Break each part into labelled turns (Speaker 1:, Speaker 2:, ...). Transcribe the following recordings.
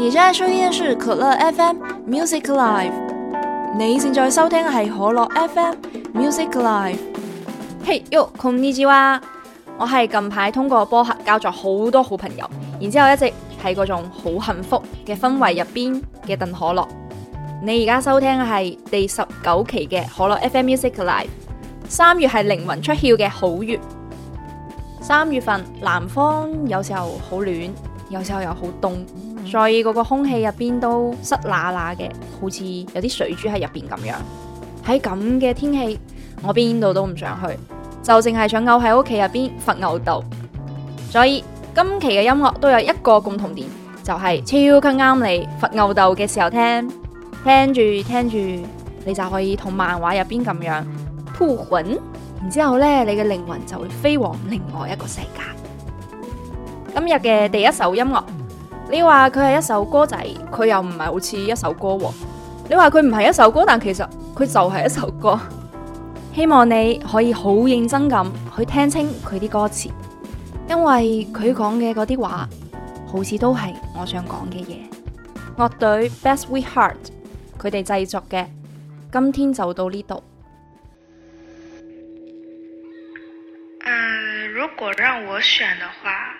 Speaker 1: 你現在收聽的是可樂 FM Music Live，你現在收聽係可樂 FM Music Live。嘿喲，控呢住啊！我係近排通過波客交咗好多好朋友，然之後一直系嗰種好幸福嘅氛圍入邊嘅鄧可樂。你而家收聽嘅係第十九期嘅可樂 FM Music Live。三月係靈魂出竅嘅好月，三月份南方有時候好暖，有時候又好凍。所以嗰個空氣入邊都濕喇喇嘅，好似有啲水珠喺入邊咁樣。喺咁嘅天氣，我邊度都唔想去，就淨係想漚喺屋企入邊發吽逗。所以今期嘅音樂都有一個共同點，就係超級啱你發吽逗嘅時候聽，聽住聽住，你就可以同漫畫入邊咁樣吐魂。然之後呢，你嘅靈魂就會飛往另外一個世界。今日嘅第一首音樂。你話佢係一首歌仔，佢又唔係好似一首歌，哦。你話佢唔係一首歌，但其實佢就係一首歌。 希望你可以好認真咁去聽清佢啲歌詞，因為佢講嘅嗰啲話，好似都係我想講嘅嘢。樂隊 Bad Sweetheart，佢哋製作嘅，今天就到呢度。嗯、
Speaker 2: uh，如果讓我選的話。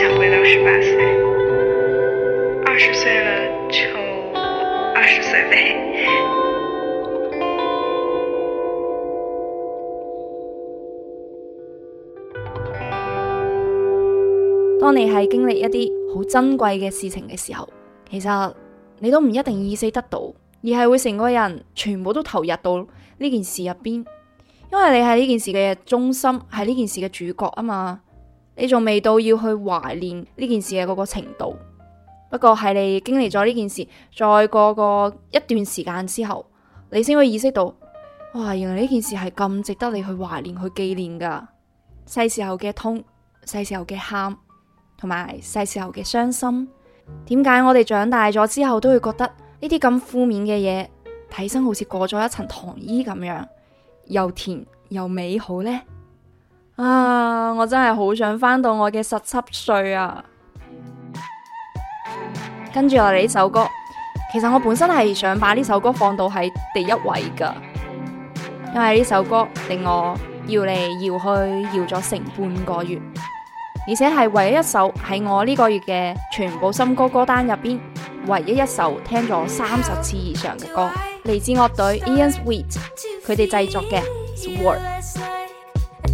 Speaker 2: 想回到十八歲，二十歲
Speaker 1: 了就二十歲唄。當你係經歷一啲好珍貴嘅事情嘅時候，其實你都唔一定意識得到，而係會成個人全部都投入到呢件事入邊，因為你係呢件事嘅中心，係呢件事嘅主角啊嘛。你仲未到要去懷念呢件事嘅嗰個程度，不過係你經歷咗呢件事，再過個一段時間之後，你先會意識到，哇，原來呢件事係咁值得你去懷念、去紀念噶。細時候嘅痛、細時候嘅喊，同埋細時候嘅傷心，點解我哋長大咗之後都會覺得呢啲咁負面嘅嘢，睇起身好似過咗一層糖衣咁樣，又甜又美好呢？」啊！我真係好想翻到我嘅十七歲啊！跟住落嚟呢首歌，其實我本身係想把呢首歌放到喺第一位噶，因為呢首歌令我搖嚟搖去搖咗成半個月，而且係唯一一首喺我呢個月嘅全部新歌歌單入邊唯一一首聽咗三十次以上嘅歌，嚟自樂隊 Ian Sweet 佢哋製作嘅《Sword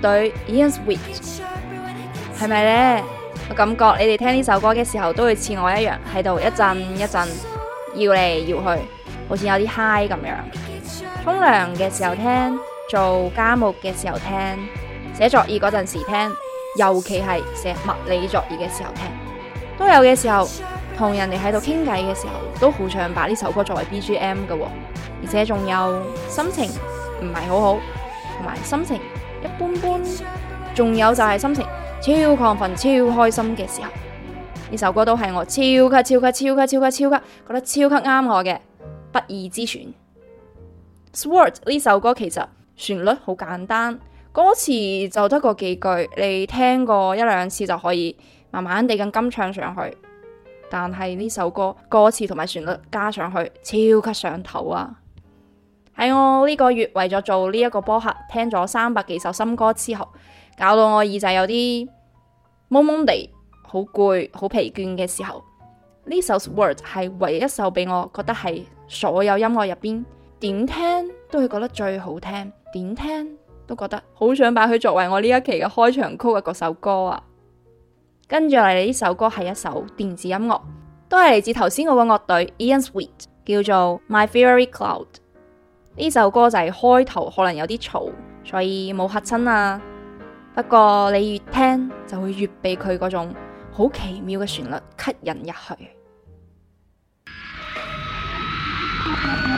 Speaker 1: 對 IAN SWEET 係咪呢？我感覺你哋聽呢首歌嘅時候，都會似我一樣喺度一陣一陣搖嚟搖去，好似有啲 high 咁樣的。沖涼嘅時候聽，做家務嘅時候聽，寫作業嗰陣時聽，尤其係寫物理作業嘅時候聽，都有嘅時候同人哋喺度傾偈嘅時候，都好想把呢首歌作為 BGM 嘅。哦，而且仲有，有心情唔係好好，同埋心情。般般，仲有就係心情超亢奮、超開心嘅時候，呢首歌都係我超級、超級、超級、超級、超級覺得超級啱我嘅不二之選。Sword 呢首歌其實旋律好簡單，歌詞就得個幾句，你聽過一兩次就可以慢慢地咁跟唱上去。但係呢首歌歌詞同埋旋律加上去，超級上頭啊！喺我呢個月為咗做呢一個播客，聽咗三百幾首新歌之後，搞到我耳仔有啲懵懵地，好攰，好疲倦嘅時候，呢首《Sword 》係 Sword 唯一一首俾我覺得係所有音樂入邊點聽都會覺得最好聽，點聽都覺得好想擺佢作為我呢一期嘅開場曲嘅嗰首歌啊！跟住嚟呢首歌係一首電子音樂，都係嚟自頭先我個樂隊 Ian Sweet，叫做《My Favorite Cloud》。呢首歌就係開頭可能有啲嘈，所以冇嚇親啊。不過你越聽就會越被佢嗰種好奇妙嘅旋律吸引入去。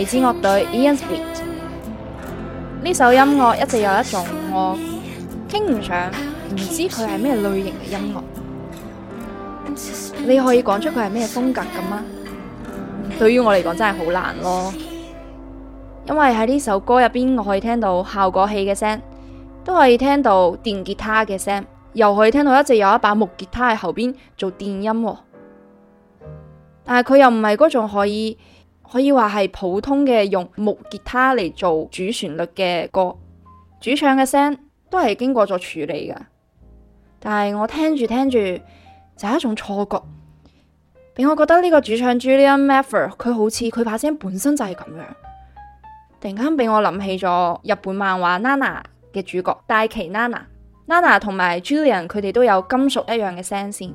Speaker 1: 一支樂隊 IAN SWEET，呢首音樂一直有一種我傾唔上，唔知佢係咩類型嘅音樂。你可以講出佢係咩風格㗎嘛？對於我嚟講真係好難咯，因為喺呢首歌入邊我可以聽到效果器嘅聲，都可以聽到電吉他嘅聲，又可以聽到一直有一把木吉他喺後邊做電音，但係佢又唔係嗰種可以。可以話係普通嘅用木吉他嚟做主旋律嘅歌，主唱嘅聲都係經過咗處理㗎。但係我聽住聽住就係、是、一種錯覺，俾我覺得呢個主唱 Julian Mather 佢好似佢把聲本身就係咁樣。突然間俾我諗起咗日本漫畫 Nana 嘅主角大崎 Nana Nana 同埋 Julian 佢哋都有金屬一樣嘅聲線。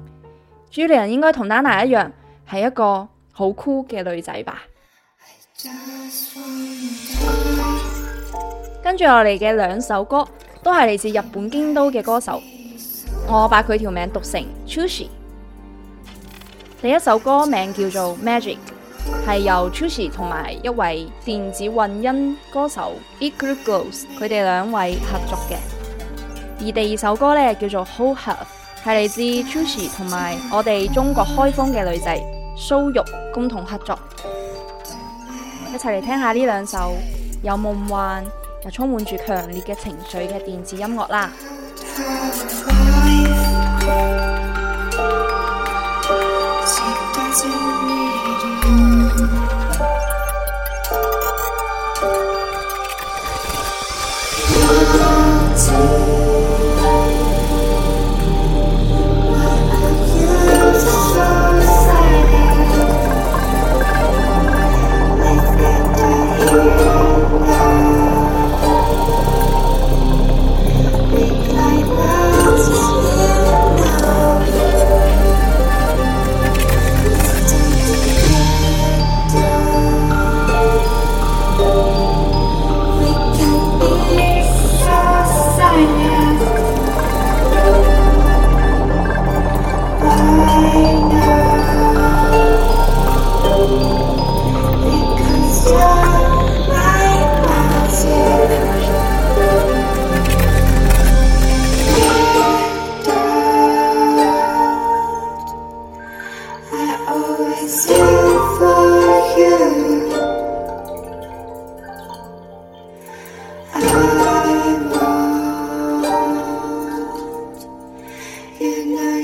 Speaker 1: Julian 應該同 Nana 一樣係一個好 cool 嘅女仔吧。跟住我哋嘅兩首歌，都係嚟自日本京都嘅歌手，我把佢條名讀成 Cuushe。第一首歌名叫做 Magic，係由 Cuushe 同埋一位電子混音歌手 Iglooghost 佢哋兩位合作嘅。而第二首歌呢，叫做 Hold Half，係嚟自 Cuushe 同埋我哋中國開封嘅女仔蘇玉共同合作。一齊嚟聽下呢兩首有夢幻又充滿住強烈嘅情緒嘅電子音樂啦。 樂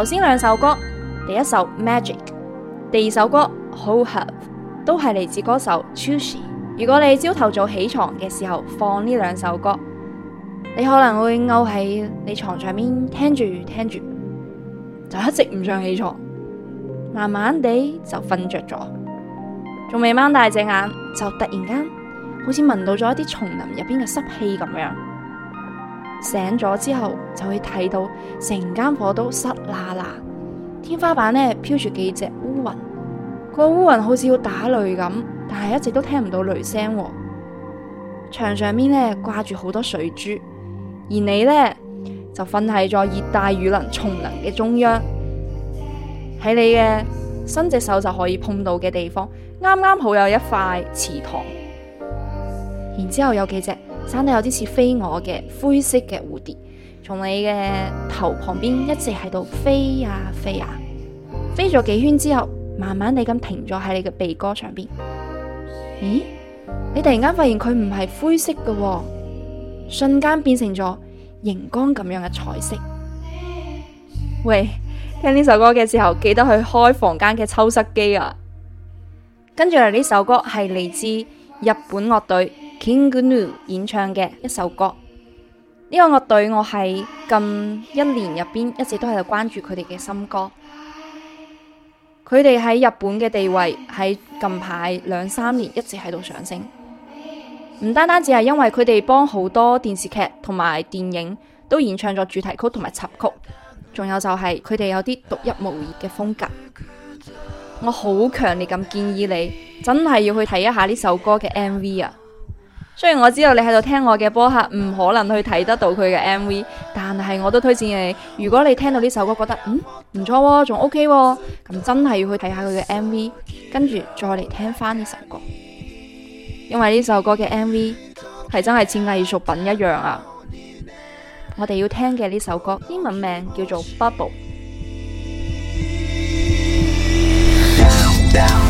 Speaker 1: 頭先兩首歌，第一首《Magic》，第二首歌《Hold Half》，都係嚟自歌手 Cuushe。如果你朝頭早起床嘅時候放呢兩首歌，你可能會勾喺你床上面，聽住聽住，就一直唔想起床，慢慢地就瞓着咗，仲未掹大隻眼，就突然間好似聞到咗一啲叢林入邊嘅濕氣咁樣。醒咗之後，就會睇到成間房都濕啦啦，天花板呢，飄住幾隻烏雲，個烏雲好似要打雷咁，但係一直都聽唔到雷聲。牆上面呢，掛住好多水珠，而你呢，就瞓喺咗熱帶雨林叢林嘅中央，喺你嘅伸隻手就可以碰到嘅地方，啱啱好有一塊池塘，然之後有幾隻。生得有啲似飛蛾嘅灰色嘅蝴蝶，從你嘅頭旁邊一直喺度飛啊飛啊，飛咗幾圈之後，慢慢地咁停咗喺你嘅鼻哥上邊。咦？你突然間發現佢唔係灰色嘅，哦，瞬間變成咗熒光咁樣嘅彩色。喂，聽呢首歌嘅時候，記得去開房間嘅抽濕機啊！跟住嚟呢首歌係嚟自日本樂隊。King Gnu 演唱嘅一首歌，呢、這個樂隊我喺近一年入邊一直都喺度關注佢哋嘅新歌。佢哋喺日本嘅地位喺近排兩三年一直喺度上升，唔單單只係因為佢哋幫好多電視劇同埋電影都演唱咗主題曲同埋插曲，仲有就係佢哋有啲獨一無二嘅風格。我好強烈咁建議你，真係要去睇一下呢首歌嘅 MV 啊！雖然我知道你喺度聽我嘅播客，唔可能去睇得到佢嘅 MV，但係我都推薦你，如果你聽到呢首歌覺得嗯，唔錯喎，仲 OK 喎，咁真係要去睇下佢嘅 MV，跟住再嚟聽翻呢首歌，因為呢首歌嘅 MV 係真係似藝術品一樣啊！我哋要聽嘅呢首歌英文名叫做 Bubble。Down, Down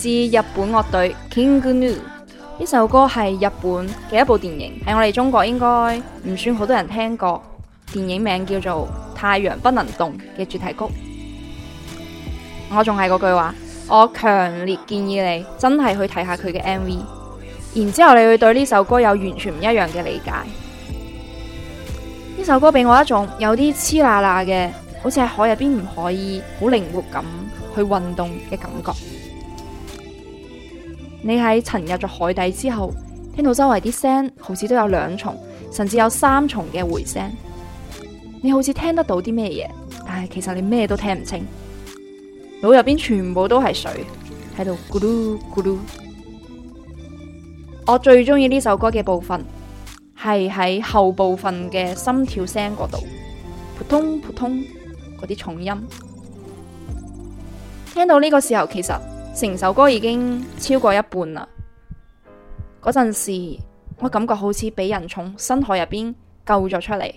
Speaker 1: 至日本樂隊 King Gnu 呢首歌係日本嘅一部電影，喺我哋中國應該唔算好多人聽過。電影名叫做《太陽不能動》嘅主題曲。我仲係嗰句話，我強烈建議你真係去睇下佢嘅 MV，然之後你會對呢首歌有完全唔一樣嘅理解。呢首歌俾我一種有啲黐啦啦嘅，好似喺海入邊唔可以好靈活咁去運動嘅感覺。你喺沉入咗海底之後，聽到周圍啲聲，好似都有兩重，甚至有三重嘅回聲。你好似聽得到啲咩嘢，但係其實你咩都聽唔清。腦入邊全部都係水，喺度咕嚕咕嚕。我最中意呢首歌嘅部分，係喺後部分嘅心跳聲嗰度，噗通噗通嗰啲重音。聽到呢個時候，其實。成首歌已經超過一半啦。嗰陣時，我感覺好似俾人從深海入邊救咗出嚟，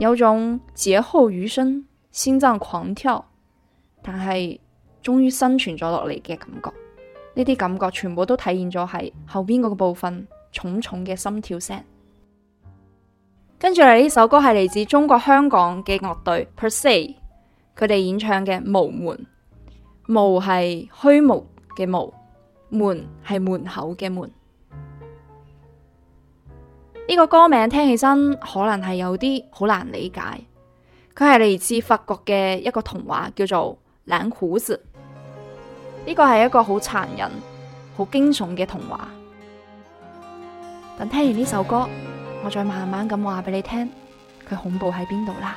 Speaker 1: 有種劫後餘生、心臟狂跳，但係終於生存咗落嚟嘅感覺。呢啲感覺全部都體現咗喺後邊嗰個部分，重重嘅心跳聲。跟住嚟呢首歌係嚟自中國香港嘅樂隊 per se，佢哋演唱嘅《無門》。無係虛無嘅無，門係門口嘅門。呢個歌名聽起身可能係有啲好難理解，佢係嚟自法國嘅一個童話，叫做《藍鬍子》。呢個係一個好殘忍、好驚悚嘅童話。等聽完呢首歌，我再慢慢咁話俾你聽，佢恐怖喺邊度啦。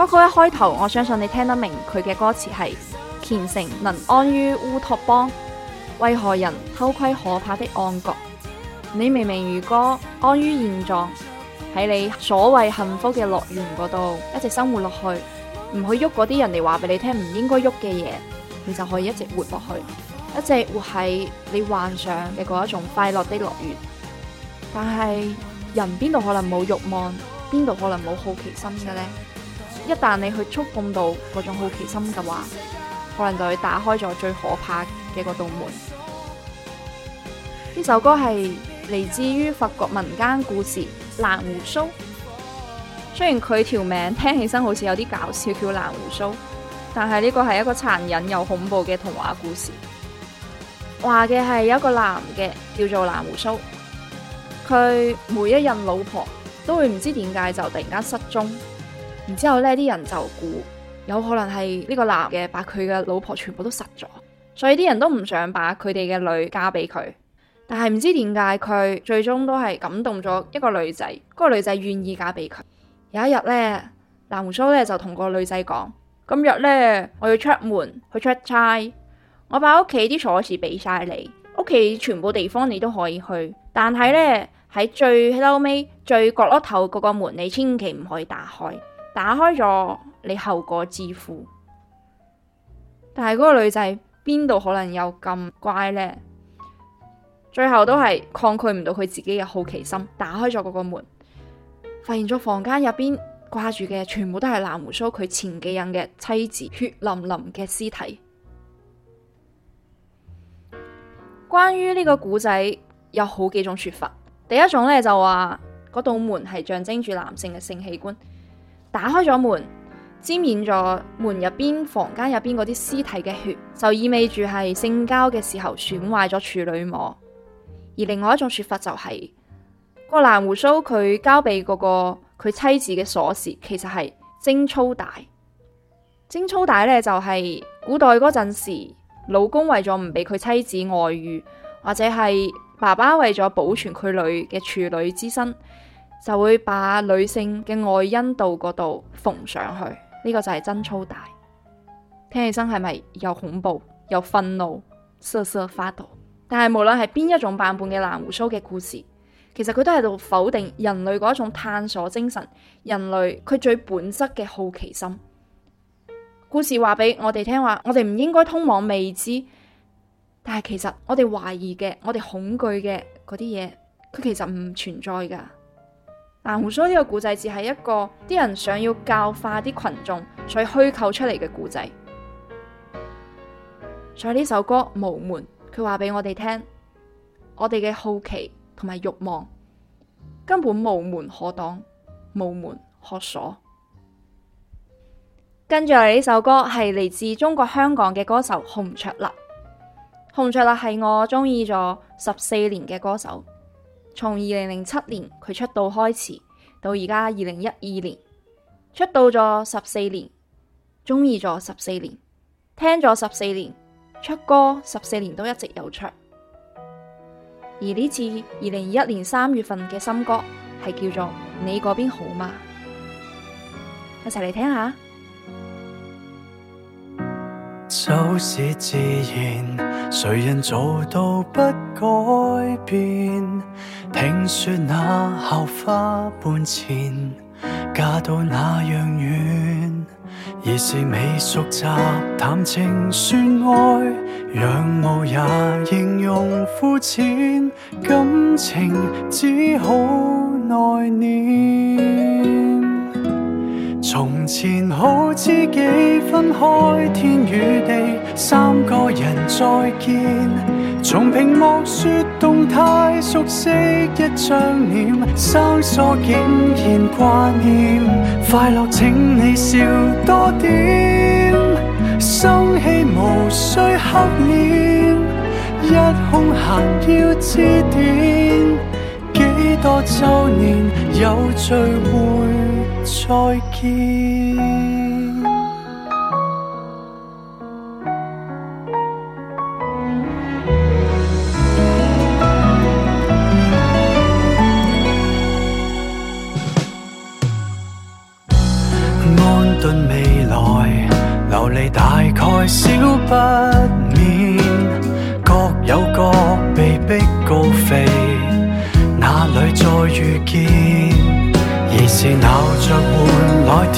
Speaker 1: 嗰個一開頭，我相信你聽得明佢嘅歌詞係：虔誠能安於烏托邦，為何人偷窺可怕的暗角？你明明如果安於現狀，喺你所謂幸福嘅樂園嗰度一直生活落去，唔去喐嗰啲人哋話俾你聽唔應該喐嘅嘢，你就可以一直活落去，一直活喺你幻想嘅嗰一種快樂的樂園。但係人邊度可能冇欲望，邊度可能冇好奇心嘅呢？一旦你去觸碰到嗰種好奇心嘅話，可能就會打開咗最可怕嘅嗰道門。呢首歌係嚟自於法國民間故事《藍鬍鬚》。雖然佢條名聽起身好似有啲搞笑，叫藍鬍鬚，但係呢個係一個殘忍又恐怖嘅童話故事。話嘅係有一個男嘅叫做藍鬍鬚，佢每一任老婆都會唔知點解就突然間失蹤。然之後呢啲人就估有可能係呢個男嘅，把佢嘅老婆全部都殺咗，所以啲人都唔想把佢哋嘅女嫁俾佢。但係唔知點解佢最終都係感動咗一個女仔，嗰個女仔願意嫁俾佢。有一日呢，藍叔呢就同個女仔講：今日呢，我要出門去出差，我把屋企啲鎖匙俾晒你，屋企全部地方你都可以去，但係呢，喺最後尾最角落頭嗰個門，你千祈唔可以打開。打開咗，你後果自負。但係嗰個女仔邊度可能有咁乖呢？最後都係抗拒唔到佢自己嘅好奇心，打開咗嗰個門，發現咗房間入邊掛住嘅全部都係藍鬍鬚，佢前幾任嘅妻子血淋淋嘅屍體。關於呢個古仔，有好幾種說法。第一種呢，就話嗰道門係象徵住男性嘅性器官。打開咗門，沾染咗門入邊房間入邊嗰啲屍體嘅血，就意味住係性交嘅時候損壞咗處女膜。而另外一種說法就係個藍鬍鬚佢交俾嗰個佢妻子嘅鎖匙，其實係貞操帶。貞操帶呢，就係古代嗰陣時，老公為咗唔俾佢妻子外遇，或者係爸爸為咗保存佢女嘅處女之身。就會把女性嘅外陰道嗰度縫上去，呢、這個就係貞操帶。聽起身係咪又恐怖又憤怒，瑟瑟發抖？但係無論係邊一種版本嘅藍鬍鬚嘅故事，其實佢都喺度否定人類嗰一種探索精神，人類佢最本質嘅好奇心。故事話俾我哋聽話，我哋唔應該通往未知，但係其實我哋懷疑嘅，我哋恐懼嘅嗰啲嘢，佢其實唔存在噶。南紅書呢、這個故仔只係一個啲人想要教化啲群眾，所以虛構出嚟嘅故仔。所以呢首歌《無門》，佢話俾我哋聽，我哋嘅好奇同埋慾望，根本無門可擋，無門可鎖。跟住嚟呢首歌係嚟自中國香港嘅歌手洪卓立。洪卓立係我中意咗十四年嘅歌手。從二零零七年佢出道開始，到而家二零一二年出道咗十四年，鍾意咗十四年，聽咗十四年，出歌十四年都一直有出，而呢次二零二一年三月份嘅新歌係叫做《你嗰邊好嗎》，一齊嚟聽下。
Speaker 3: 就是自然，誰人做到不改變？聽說那校花半錢，嫁到那樣遠，而是未熟習談情說愛，仰慕也形容膚淺，感情只好內斂。從前好知己，分開天與地，三個人再見。從屏幕說動態，熟悉一張臉，生疏竟然掛念。快樂，請你笑多點，生氣無需黑臉，一空閒要致電。幾多周年有聚會？再見。安頓未來，流淚大概少不。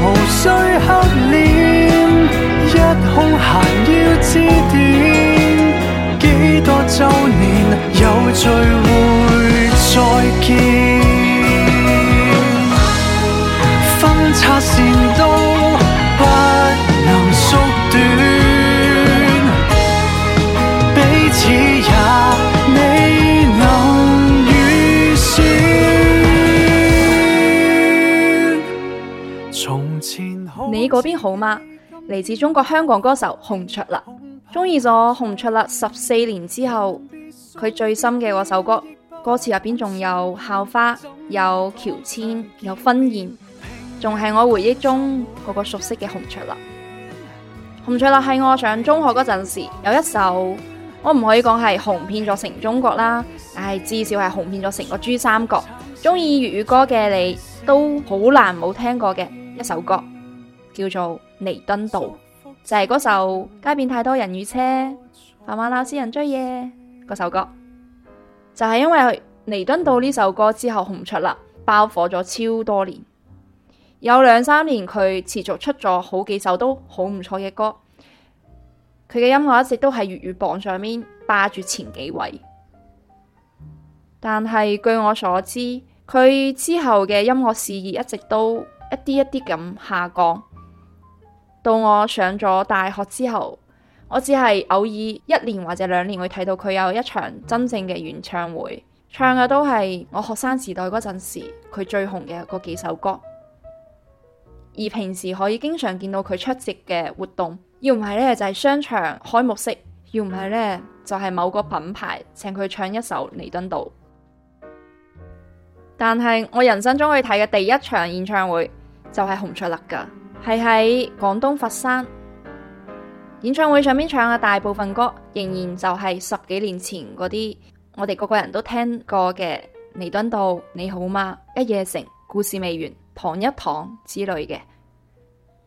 Speaker 3: 無需黑臉，一空閒要知點。幾多周年有聚會再見，分岔線都不能縮短。
Speaker 1: 你嗰邊好嗎？嚟自中國香港歌手洪卓立，中意咗洪卓立十四年之後，佢最深嘅嗰首歌，歌詞入邊仲有校花、有喬遷、有婚宴，仲係我回憶中嗰個熟悉嘅洪卓立。洪卓立係我上中學嗰陣時候有一首，我唔可以講係紅遍咗成中國啦，但係至少係紅遍咗成個珠三角。中意粵語歌嘅你都好難冇聽過嘅一首歌。叫做《彌敦道》，就係、是、嗰首街邊太多人與車，繁晚鬧市人追夜嗰首歌。就係、是、因為《彌敦道》呢首歌之後紅出啦，爆火咗超多年，有兩三年佢持續出咗好幾首都好唔錯嘅歌。佢嘅音樂一直都係粵語榜上面霸住前幾位，但係據我所知，佢之後嘅音樂事業一直都一啲一啲咁下降。到我上咗大學之後，我只係偶爾一年或者兩年會睇到佢有一場真正嘅演唱會，唱嘅都係我學生時代嗰陣時佢最紅嘅嗰幾首歌。而平時可以經常見到佢出席嘅活動，要唔係呢就係、是、商場開幕式，要唔係呢就係、是、某個品牌請佢唱一首《彌敦道》。但係我人生中去睇嘅第一場演唱會就係、是、洪卓立噶。係喺廣東佛山演唱會上面唱嘅大部分歌，仍然就係十幾年前嗰啲我哋個個人都聽過嘅，《彌敦道》、《你好嗎》、《一夜成》、《故事未完》、《躺一躺》之類嘅。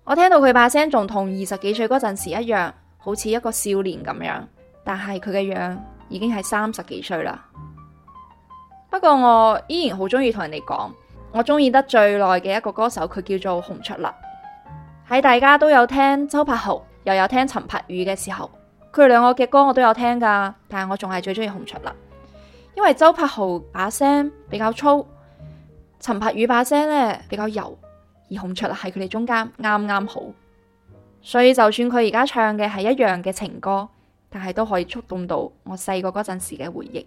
Speaker 1: 我聽到佢把聲仲同二十幾歲嗰陣時一樣，好似一個少年咁樣，但係佢嘅樣已經係三十幾歲啦。不過我依然好鍾意同人哋講，我鍾意得最耐嘅一個歌手，佢叫做洪卓立。喺大家都有聽周柏豪，又有聽陳柏宇嘅時候，佢哋兩個嘅歌我都有聽噶，但係我仲係最中意洪卓立。因為周柏豪把聲比較粗，陳柏宇把聲咧比較柔，而洪卓立喺佢哋中間啱啱好，所以就算佢而家唱嘅係一樣嘅情歌，但係都可以觸動到我細個嗰陣時嘅回憶。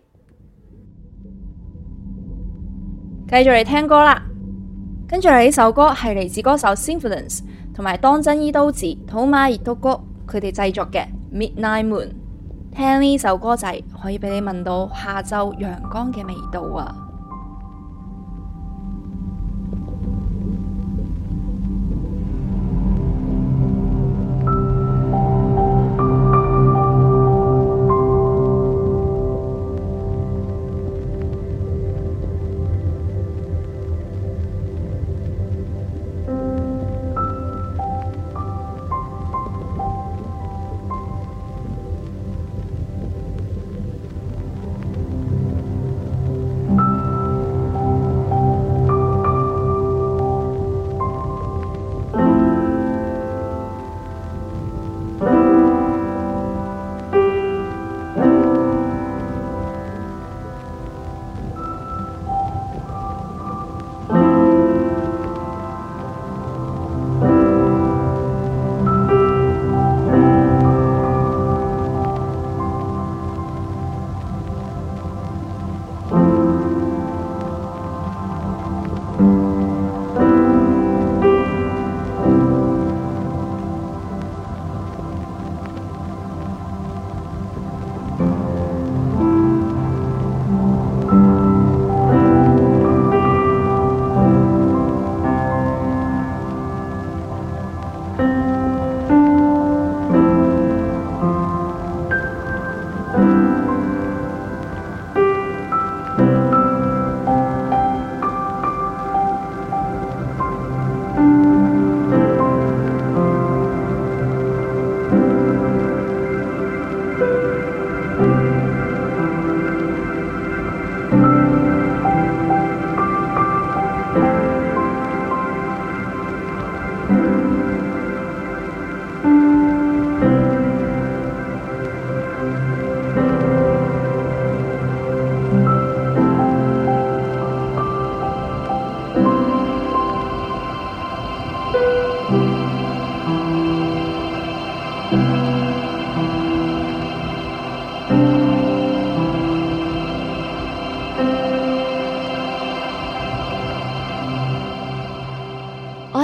Speaker 1: 繼續嚟聽歌啦，跟住嚟呢首歌係嚟自歌手 synfilums 同埋當真伊都子、土馬熱都谷，佢哋製作嘅 Midnight Moon，聽呢首歌仔可以俾你聞到下晝陽光嘅味道啊！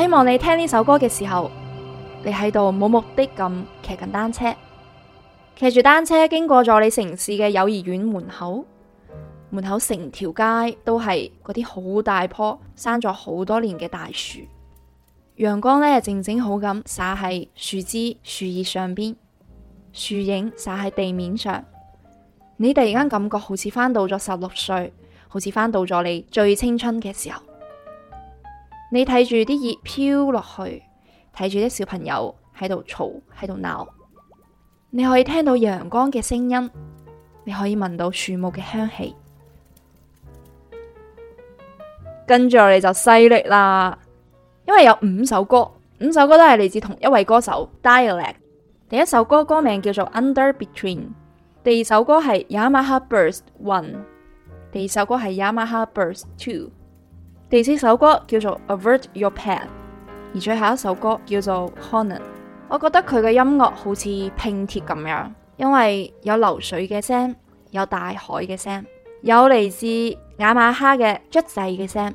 Speaker 1: 希望你聽呢首歌嘅時候，你喺度冇目的咁騎緊單車，騎住單車經過咗你城市嘅幼兒園門口，門口成條街都係嗰啲好大棵生咗好多年嘅大樹，陽光呢，正正好咁灑喺樹枝樹葉上邊，樹影灑喺地面上，你突然間感覺好似翻到咗十六歲，好似翻到咗你最青春嘅時候。你睇住啲葉飄落去，睇住啲小朋友喺度嘈、喺度鬧。你可以聽到陽光嘅聲音，你可以聞到樹木嘅香氣。跟住我哋就犀力啦，因為有五首歌，五首歌都係嚟自同一位歌手。Dialect 第一首歌歌名叫做 Under Between，第二首歌係 Yamaha Burst One，第二首歌係 Yamaha Burst Two。第四首歌叫做 Avert Yr Path，而最後一首歌叫做 Holon。我覺得佢嘅音樂好似拼貼咁樣，因為有流水嘅聲，有大海嘅聲，有嚟自雅馬哈嘅雀仔嘅聲，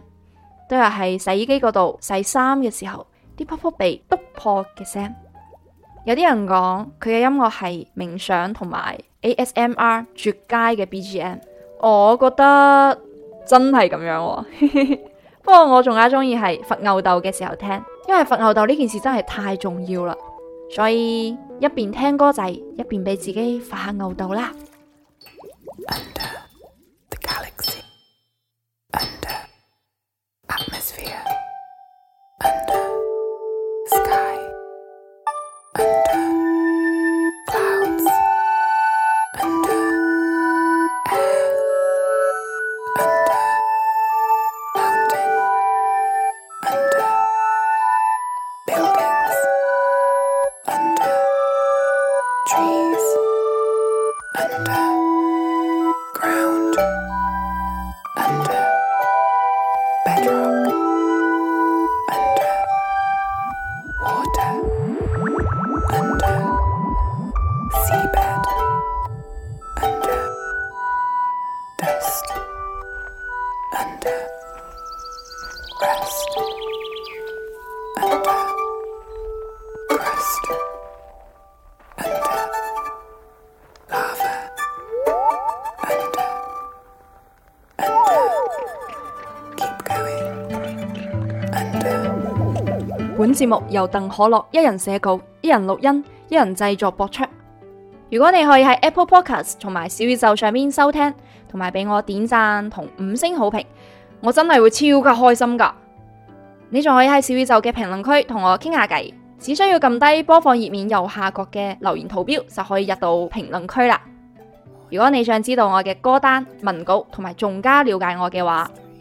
Speaker 1: 都有喺洗衣機嗰度洗衫嘅時候啲泡泡被剁破嘅聲。有啲人講佢嘅音樂係冥想同埋 ASMR 絕佳嘅 BGM，我覺得真係咁樣，哦。 不過我仲加中意係發吽哣嘅時候聽，因為發吽哣呢件事真係太重要啦，所以一邊聽歌仔，一邊俾自己發下吽哣啦。節目由鄧可樂一人寫稿、一人錄音、一人製作播出。如果你可以喺 Apple Podcast 同埋小宇宙上面收聽，同埋俾我點讚同五星好評，我真係會超級開心噶。你仲可以喺小宇宙嘅評論區同我傾下偈，只需要撳低播放頁面右下角嘅留言圖標就可以入到評論區啦。如果你想知道我嘅歌單、文稿同埋仲加了解我嘅話，